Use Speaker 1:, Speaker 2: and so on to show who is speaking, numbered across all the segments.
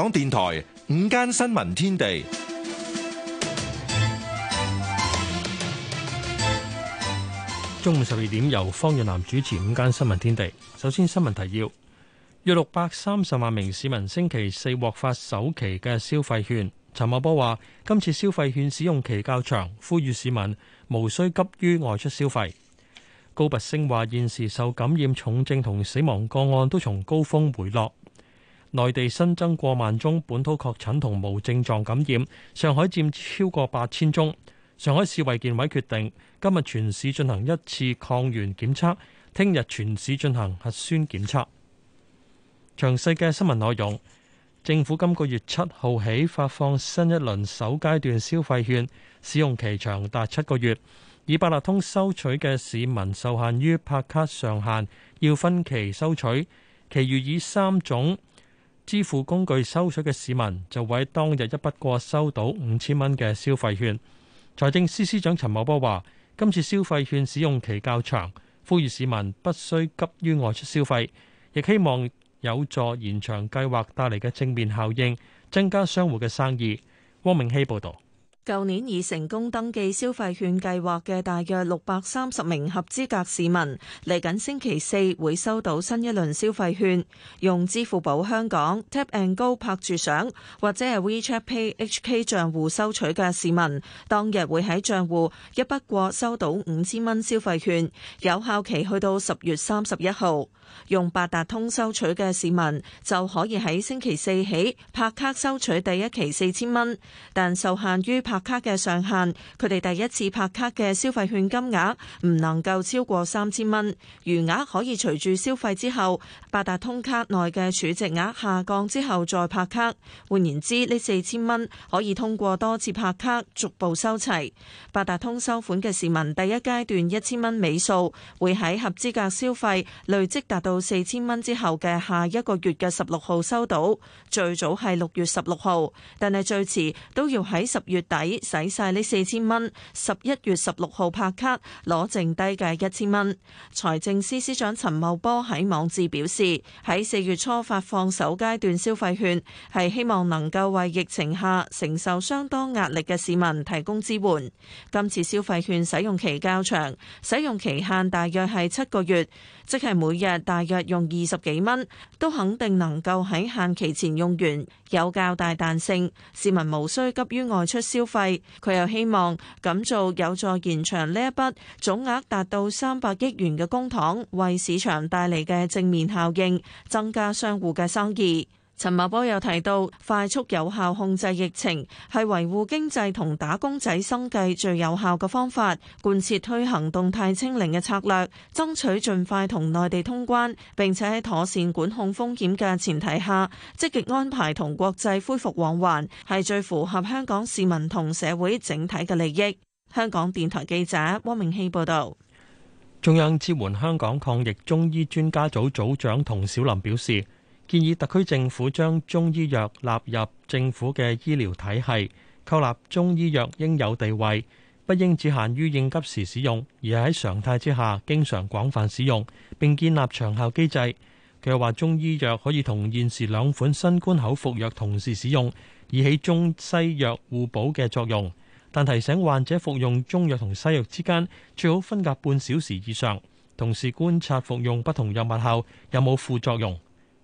Speaker 1: 香港電台午間新聞天地，中午十二點由方若南主持《午間新聞天地》。首先新聞提要：約六百三十萬名市民星期四獲發首期嘅消費券。陳茂波話：今次消費券使用期較長，呼籲市民無需急於外出消費。高拔升話：現時受感染、重症同死亡個案都從高峰回落。內地新增過萬宗本土確診同無症狀感染，上海佔超過八千宗。上海市衛健委決定今日全市進行一次抗原檢測，聽日全市進行核酸檢測。 詳細嘅新聞內容，政府今個月七號起發放新一輪首階段消費券，使用期長達七個月。以八達通收取嘅市民受限於拍卡上限，要分期收取，其餘以三種支付工具收取嘅市民就會喺當日一筆過收到五千蚊嘅消費券。財政司司長陳茂波話，今次消費券使用期較長，呼籲市民不需急於外出消費，亦希望有助延長計劃帶嚟嘅正面效應，增加商戶嘅生意。汪明希報道。
Speaker 2: 舊年已成功登記消費券計劃嘅大約六百三十名合資格市民，嚟緊星期四會收到新一輪消費券。用支付寶香港 Tap and Go 拍住相，或者係 WeChat Pay HK 賬戶收取嘅市民，當日會喺賬戶一筆過收到五千蚊消費券，有效期去到十月三十一號。用八達通收取嘅市民就可以喺星期四起拍卡收取第一期四千蚊，但受限於拍卡嘅上限，佢哋第一次拍卡嘅消費券金額唔能夠超過三千蚊，餘額可以隨住消費之後，八達通卡內嘅儲值額下降之後再拍卡。換言之，呢四千蚊可以通過多次拍卡逐步收齊。八達通收款嘅市民，第一階段一千蚊尾數會喺合資格消費累積達到四千蚊之後嘅下一個月嘅十六號收到，最早係六月十六號，但係最遲都要喺十月達。使晒呢四千蚊，十一月十六號拍卡攞剩低嘅一千蚊。財政司司長陳茂波喺網誌表示，喺四月初發放首階段消費券，係希望能夠為疫情下承受相當壓力嘅市民提供支援。今次消費券使用期較長，使用期限大約係七個月，即係每日大約用二十幾蚊，都肯定能夠喺限期前用完，有較大彈性，市民無需急於外出消費，費，佢又希望咁做有助延長呢一筆總額達到三百億元嘅公帑，為市場帶嚟嘅正面效應，增加商戶嘅生意。陳茂波又提到，快速有效控制疫情係維護經濟同打工仔生計最有效嘅方法。貫徹推行動態清零嘅策略，爭取盡快同內地通關，並且喺妥善管控風險嘅前提下，積極安排同國際恢復往還，係最符合香港市民同社會整體嘅利益。香港電台記者汪明熙報導。
Speaker 1: 中央支援香港抗疫中醫專家組組長佟小林表示。建議特區政府將中醫藥納入政府嘅醫療體系，確立中醫藥應有地位，不應只限於應急時使用，而係喺常態之下經常廣泛使用，並建立長效機制。佢又話，中醫藥可以同現時兩款新冠口服藥同時使用，以起中西藥互補嘅作用。但提醒患者服用中藥同西藥之間最好分隔半小時以上，同時觀察服用不同藥物後有冇副作用。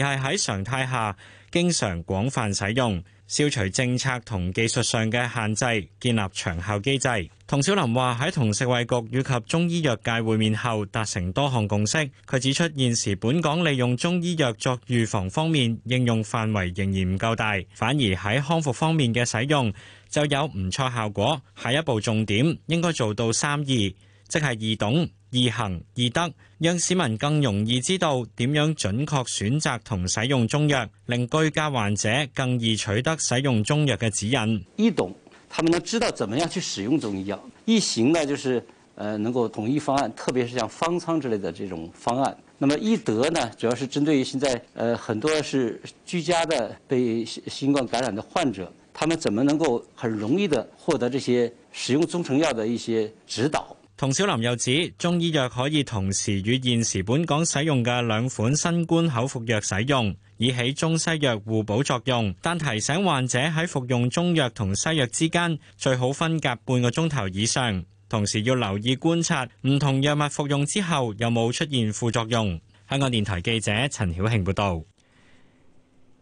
Speaker 3: 而係喺常態下經常廣泛使用，消除政策同技術上嘅限制，建立長效機制。童小林話喺同食衞局以及中醫藥界會面後，達成多項共識。佢指出現時本港利用中醫藥作預防方面應用範圍仍然唔夠大，反而喺康復方面嘅使用就有唔錯效果。下一步重點應該做到三二，即係易懂。易行易得，讓市民更容易知道點樣準確選擇同使用中藥，令居家患者更易取得使用中藥嘅指引。易懂，
Speaker 4: 他們能知道怎麼樣去使用中醫藥。易行呢，就是，呃，能夠統一方案，特別是像方艙之類的這種方案。那麼易得呢，主要是針對於現在，呃，很多是居家的被新冠感染的患者，他們怎麼能夠很容易的獲得這些使用中成藥的一些指導。
Speaker 3: 童小林又指，中醫藥可以同時與現時本港使用嘅兩款新冠口服藥使用，以起中西藥互補作用。但提醒患者喺服用中藥同西藥之間最好分隔半個鐘頭以上，同時要留意觀察唔同藥物服用之後有冇出現副作用。香港電台記者陳曉慶報導。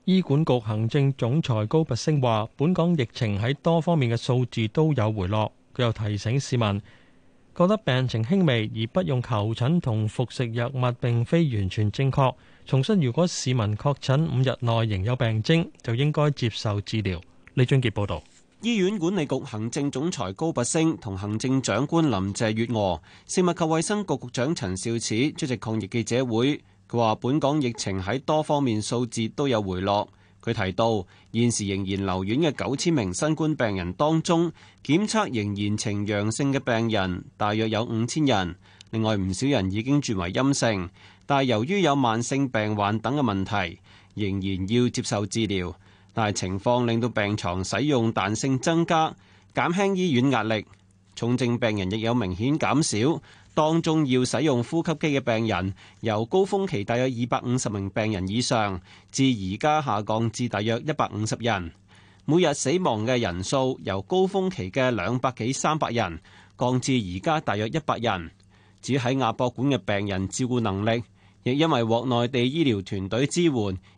Speaker 1: 醫管局行政總裁高拔升話，本港疫情喺多方面嘅數字都有回落。佢又提醒市民，覺得病情輕微而不用求診同服食藥物並非完全正確。重申，如果市民確診五日內仍有病徵，就應該接受治療。李俊傑報導。
Speaker 4: 醫院管理局行政總裁高拔升同行政長官林鄭月娥、食物及衛生局局長陳肇始出席抗疫記者會。佢話：本港疫情喺多方面數字都有回落。佢提到，現時仍然留院嘅九千名新冠病人當中，檢測仍然呈陽性嘅病人大約有五千人，另外唔少人已經轉為陰性，但係由於有慢性病患等嘅問題，仍然要接受治療。但係情況令到病床使用彈性增加，減輕醫院壓力，重症病人亦有明顯減少。當中要使用呼吸機嘅病人，由高峰期大約二百五十名病人以上，至而家下降至大約一百五十人。每日死亡嘅人數由高峰期嘅兩百幾三百人，降至而家大約一百人。至於喺亞博館嘅病人照顧能力，亦因為獲內地醫療團隊支援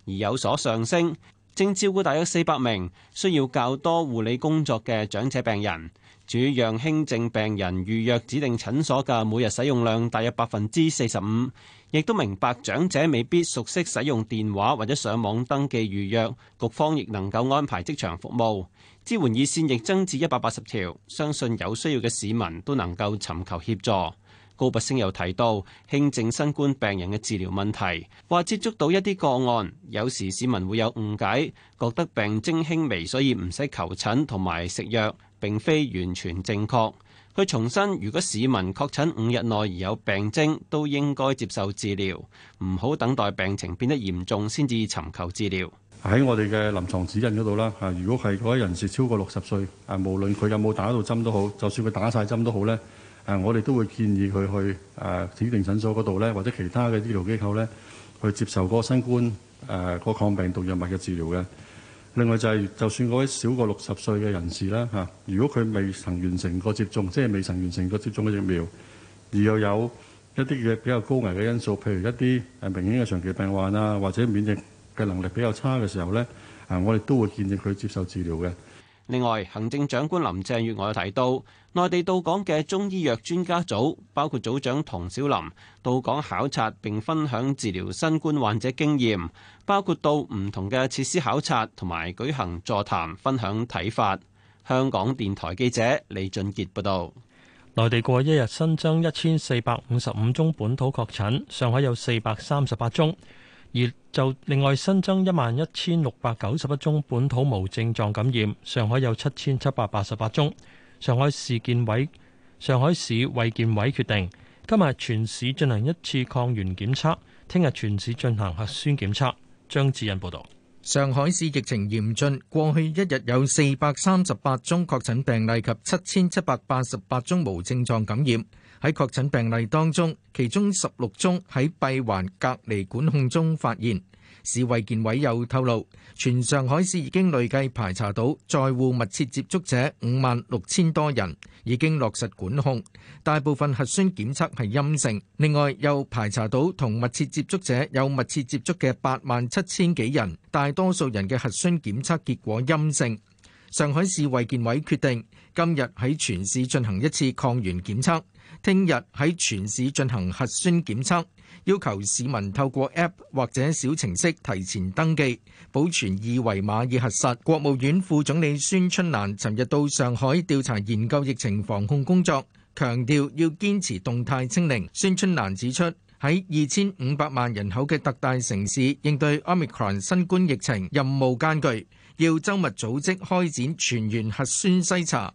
Speaker 4: 而有所上升，正照顧大約四百名需要較多護理工作嘅長者病人。主讓輕症病人預約指定診所嘅每日使用量大約百分之四十五，亦都明白長者未必熟悉使用電話或者上網登記預約，局方亦能夠安排職場服務支援熱線，亦增至一百八十條，相信有需要嘅市民都能夠尋求協助。高拔陞又提到輕症新冠病人嘅治療問題，話接觸到一啲個案，有時市民會有誤解，覺得病徵輕微，所以唔使求診同埋食藥，並非完全正確。佢重申，如果市民確診五日內而有病徵，都應該接受治療，唔好等待病情變得嚴重先至尋求治療。喺我哋嘅
Speaker 1: 臨床指引嗰度啦，嚇，如果係嗰位人士超過六十歲，無論佢有冇打到針都好，就算佢打晒針都好咧，誒，我哋都會建議佢去誒指定診所嗰度咧，或者其他嘅醫療機構咧，去接受個新冠誒、個、抗病毒藥物嘅治療嘅。另外就係，就算嗰位少過六十歲嘅人士啦，吓，如果佢未曾完成過接種，即係未曾完成過接種嘅疫苗，而又有，一啲嘅比較高危嘅因素，譬如一啲誒明顯嘅長期病患啊，或者免疫嘅能力比較差嘅時候咧，啊，我哋都會建議佢接受治療嘅。
Speaker 4: 另外，行政長官林鄭月娥提到，內地到港嘅中醫藥專家組包括組長唐小林到港考察並分享治療新冠患者經驗，包括到唔同嘅設施考察同埋舉行座談分享睇法。香港電台記者李俊傑報道，
Speaker 1: 內地過一日新增一千四百五十五宗本土確診，上海有四百三十八宗，而就另外新增一萬一千六百九十一宗本土無症狀感染，上海有七千七百八十八宗。上海市建委、上海市衛健委決定，今日全市進
Speaker 5: 行一次抗原檢測，聽日全市進行核酸檢測，張志恩報道。上海市疫情嚴峻，過去一日有四百三十八宗確診病例及七千七百八十八宗無症狀感染。喺確診病例當中，其中十六宗喺閉環隔離管控中發現。市衛健委又透露，全上海市已經累計排查到在戶密切接觸者五萬六千多人，已經落實管控，大部分核酸檢測係陰性。另外，又排查到同密切接觸者有密切接觸嘅八萬七千幾人，大多數人嘅核酸檢測結果陰性。上海市衛健委決定今日喺全市進行一次抗原檢測。聽日喺全市進行核酸檢測，要求市民透過 App 或者小程式提前登記，保存二維碼以核實。國務院副總理孫春蘭尋日到上海調查研究疫情防控工作，強調要堅持動態清零。孫春蘭指出，喺二千五百萬人口嘅特大城市應對 Omicron 新冠疫情任務艱巨，要周密組織開展全員核酸篩查。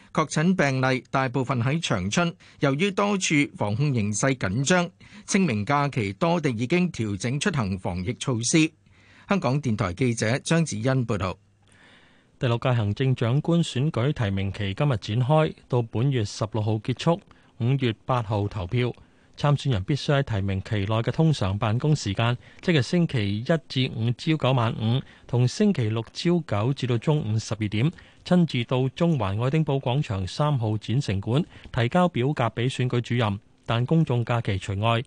Speaker 5: 確診病例大部分喺長春，由於多處防控形勢緊張，清明假期多地已經調整出行防疫措施。香港電台記者張子欣報導，第六屆行政長官選舉提名期今日展開，到本月
Speaker 1: 十六號結束，五月八號投票。參選人必須喺提名期內嘅通常辦公時間，即係星期一至五朝九晚五，同星期六朝九至到中午十二點，親自到中環愛丁堡廣場三號展城館提交表格俾選舉主任。但公眾假期除外，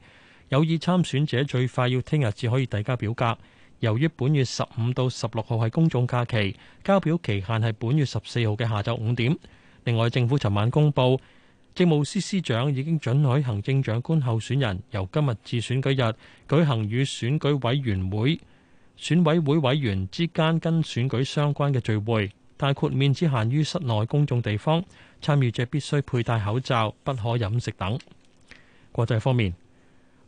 Speaker 1: 有意參選者最快要聽日至可以遞交表格。由於本月十五到十六號係公眾假期，交表期限係本月十四號嘅下晝五點。另外，政府尋晚公布。政務司司長已經准許行政長官候選人由今日至選舉日舉行與選舉委員會、選委會委員之間跟選舉相關嘅聚會，但豁免只限於室內公眾地方，參與者必須佩戴口罩，不可飲食等。國際方面，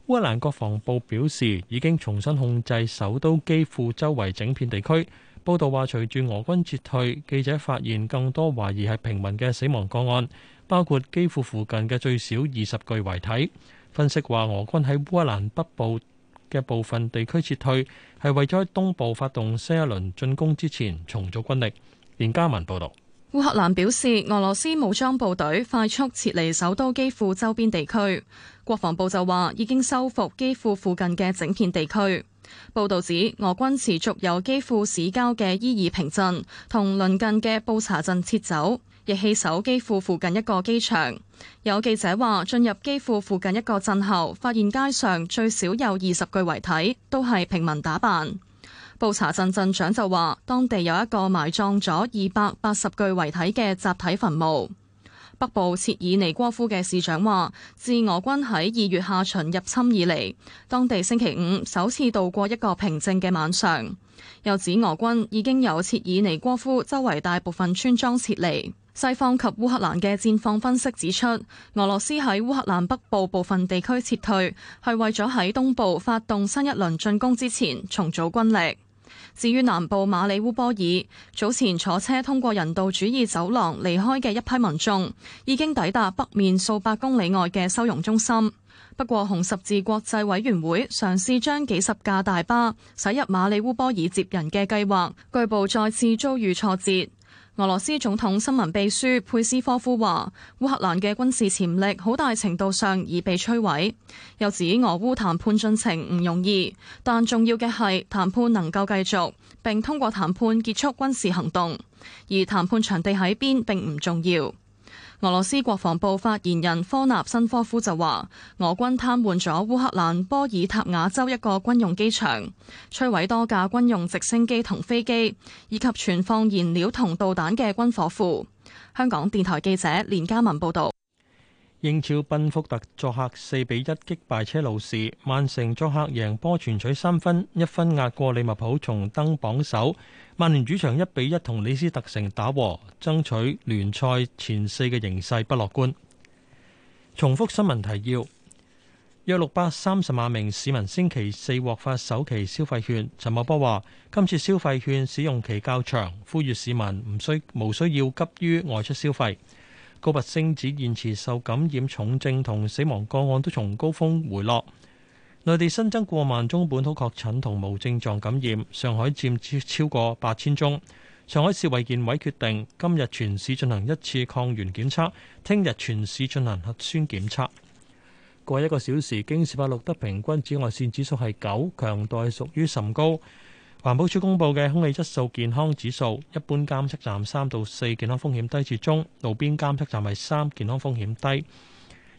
Speaker 1: 烏克蘭國防部表示已經重新控制首都基輔周圍整片地區。報道話，隨住俄軍撤退，記者發現更多懷疑係平民嘅死亡個案。包括基輔附近嘅最少二十具遺體。分析話俄軍喺烏克蘭北部嘅部分地區撤退，係為咗喺東部發動新一輪進攻之前重組軍力。連嘉文報道，
Speaker 6: 烏克蘭表示俄羅斯武裝部隊快速撤離首都基輔周邊地區。國防部就話已經收復基輔附近嘅整片地區。報導指俄軍持續由基輔市郊嘅伊爾平鎮同鄰近嘅布查鎮撤，撤走。亦棄守機庫附近一個機場，有記者話，進入機庫附近一個鎮後，發現街上最少有二十具遺體，都係平民打扮。布查鎮鎮長就話，當地有一個埋葬咗二百八十具遺體嘅集體墳墓。北部切爾尼戈夫嘅市長話，自俄軍喺二月下旬入侵以嚟，當地星期五首次度過一個平靜嘅晚上，又指俄軍已經由切爾尼戈夫周圍大部分村莊撤離。西方及烏克蘭嘅戰況分析指出，俄羅斯喺烏克蘭北部部分地區撤退，係為咗喺東部發動新一輪進攻之前重組軍力。至於南部馬里烏波爾，早前坐車通過人道主義走廊離開嘅一批民眾，已經抵達北面數百公里外嘅收容中心。不過，紅十字國際委員會嘗試將幾十架大巴駛入馬里烏波爾接人嘅計劃，據報再次遭遇挫折。俄羅斯總統新聞秘書佩斯科夫話：烏克蘭嘅軍事潛力好大程度上已被摧毀。又指俄烏談判進程唔容易，但重要嘅係談判能夠繼續，並通過談判結束軍事行動。而談判場地喺邊並唔重要。俄羅斯國防部發言人科納申科夫就話，俄軍癱瘓咗烏克蘭波爾塔瓦州一個軍用機場，摧毀多架軍用直升機同飛機，以及存放燃料同導彈嘅軍火庫。香港電台記者連嘉文報道。
Speaker 1: 英超賓福特作客四比一擊敗車路士，曼城作客贏波全取三分，一分壓過利物浦，重登榜首。曼聯主場一比一同李斯特城打和，爭取聯賽前四嘅形勢不樂觀。重複新聞提要：約六百三十萬名市民星期四獲發首期消費券。陳茂波話，今次消費券使用期較長，呼籲市民唔需無需要急於外出消費。高拔陞指，現時受感染重症同死亡個案都從高峰回落。內地新增過萬宗本土確診同無症狀感染，上海佔超超過八千宗。上海市衛健委決定今日全市進行一次抗原檢測，聽日全市進行核酸檢測。過一個小時，京士柏錄得平均紫外線指數係九，強度屬於甚高。環保署公布嘅空氣質素健康指數，一般監測站三到四，健康風險低至中，路邊監測站係三，健康風險低。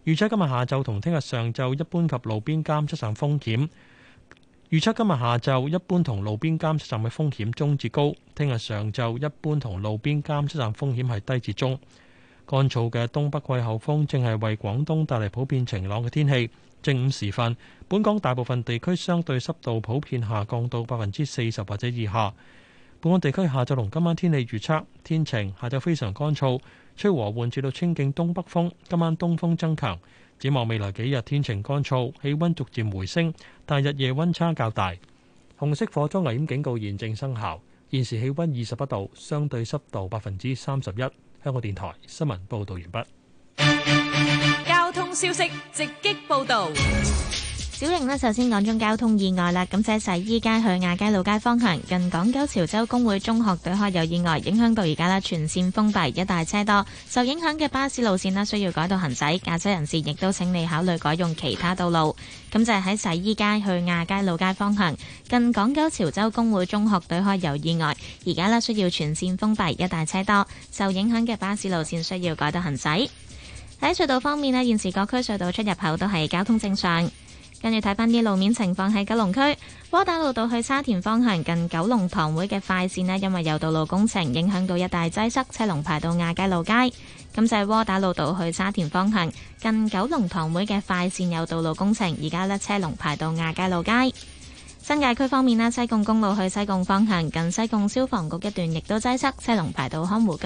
Speaker 1: 預測今日下晝同聽日上晝一般及路邊監測站風險。預測今日下晝一般同路邊監測站嘅風險中至高，聽日上晝一般同路邊監測站風險係低至中。乾燥嘅東北季候風正係為廣東帶嚟普遍晴朗嘅天氣。正午時分，本港大部分地區相對濕度普遍下降到百分之四十或者以下。本港地區下晝同今晚天氣預測天晴，下晝非常乾燥，吹和緩至到清勁東北風，今晚東風增強。展望未來幾日天晴乾燥，氣温逐漸回升，但日夜温差較大。紅色火災危險警告現正生效。現時氣温二十八度，相對濕度百分之三十一。香港電台新聞報導完畢。
Speaker 6: 消息直擊報道，小玲呢，首先講宗
Speaker 7: 交通意外啦。咁就喺洗衣街去亞皆老街方向，近港九潮州公會中學對開有意外，影響到而家呢，全線封閉，一帶車多。受影響嘅巴士路線呢，需要改道行駛，駕車人士亦都請你考慮改用其他道路。咁就係喺洗衣街去亞皆老街方向，近港九潮州公會中學對開有意外，而家呢，需要全線封閉，一帶車多，受影響嘅巴士路線需要改道行駛。喺隧道方面呢，現時各區隧道出入口都係交通正常。跟住睇返啲路面情況，喺九龍區窩打老道去沙田方向，近九龍塘會嘅快線呢，因為有道路工程影響到，一帶擠塞，車龍排到亞皆老街。噉就係窩打老道去沙田方向，近九龍塘會嘅快線有道路工程，而家呢，車龍排到亞皆老街。新界區方面呢，西貢公路去西貢方向，近西貢消防局一段亦都擠塞，車龍排到康湖居。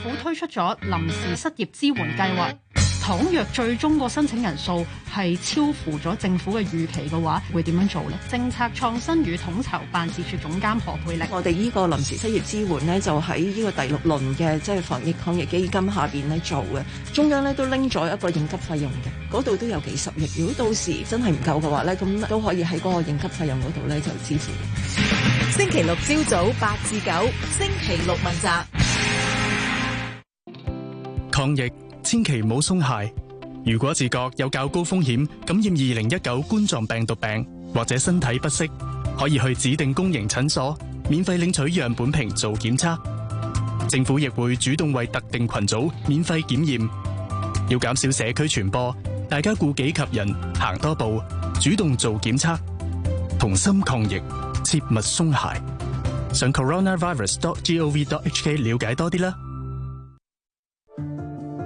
Speaker 4: 政府推出咗臨時失業支援計劃，倘
Speaker 2: 若最終個申請人數係超乎咗政府嘅預期嘅話，會點樣做呢？
Speaker 4: 政策創新與統籌辦事處總監何佩力：
Speaker 2: 我哋呢個臨時失業支援咧，就喺呢個第六輪嘅即係防疫抗疫基金下邊咧做嘅，中央咧都拎咗一個應急費用嘅，嗰度都有幾十億。如果到時真係唔夠嘅話咧，咁都可以喺嗰個應急費用嗰度咧就支持。星期六朝早八至九，星期六問責。
Speaker 5: 抗疫千祈唔好鬆懈。如果自覺有較高風險感染二零一九冠狀病毒病，或者身體不適，可以去指定公營診所免費領取樣本瓶做檢測。政府亦會主動為特定群組免費檢驗，要減少社區傳播。大家顧己及人，行多步，主動做檢測，同心抗疫，切勿鬆懈。上 coronavirus dot gov dot hk 了解多啲啦。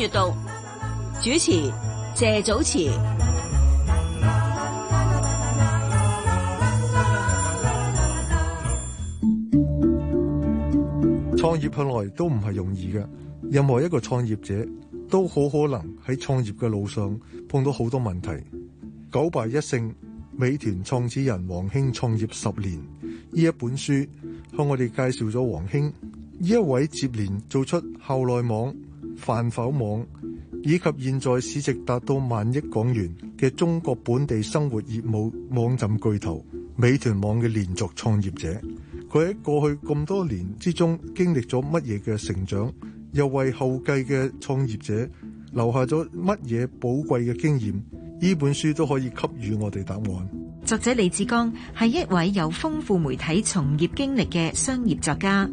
Speaker 2: 閱讀主持謝祖慈，
Speaker 5: 創業向來都唔係容易嘅，任何一個創業者都好可能喺創業嘅路上碰到好多問題。九敗一勝，美團創始人王興創業十年，呢一本書向我哋介紹咗王興呢一位接連做出校內網。飯否網以及現在市值達到萬億港元嘅中國本地生活業務網站巨頭美團網嘅連續創業者，佢喺過去咁多年之中經歷咗乜嘢嘅成長，又為後繼嘅創業者留下咗乜嘢寶貴嘅經驗？呢本書都可以給予我哋答案。
Speaker 7: 作者李志剛係一位有豐富媒體從業經歷嘅商業作家。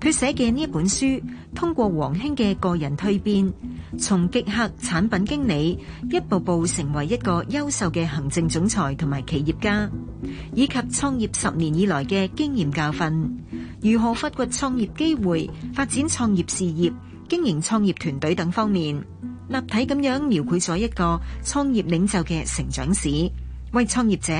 Speaker 7: 佢寫嘅呢一本書，通過王興嘅個人蛻變，從極客產品經理一步步成為一個優秀嘅行政總裁同埋企業家，以及創業十年以來嘅經驗教訓，如何發掘創業機會、發展創業事業、經營創業團隊等方面，立體咁樣描繪咗一個創業領袖嘅成長史，為創業者。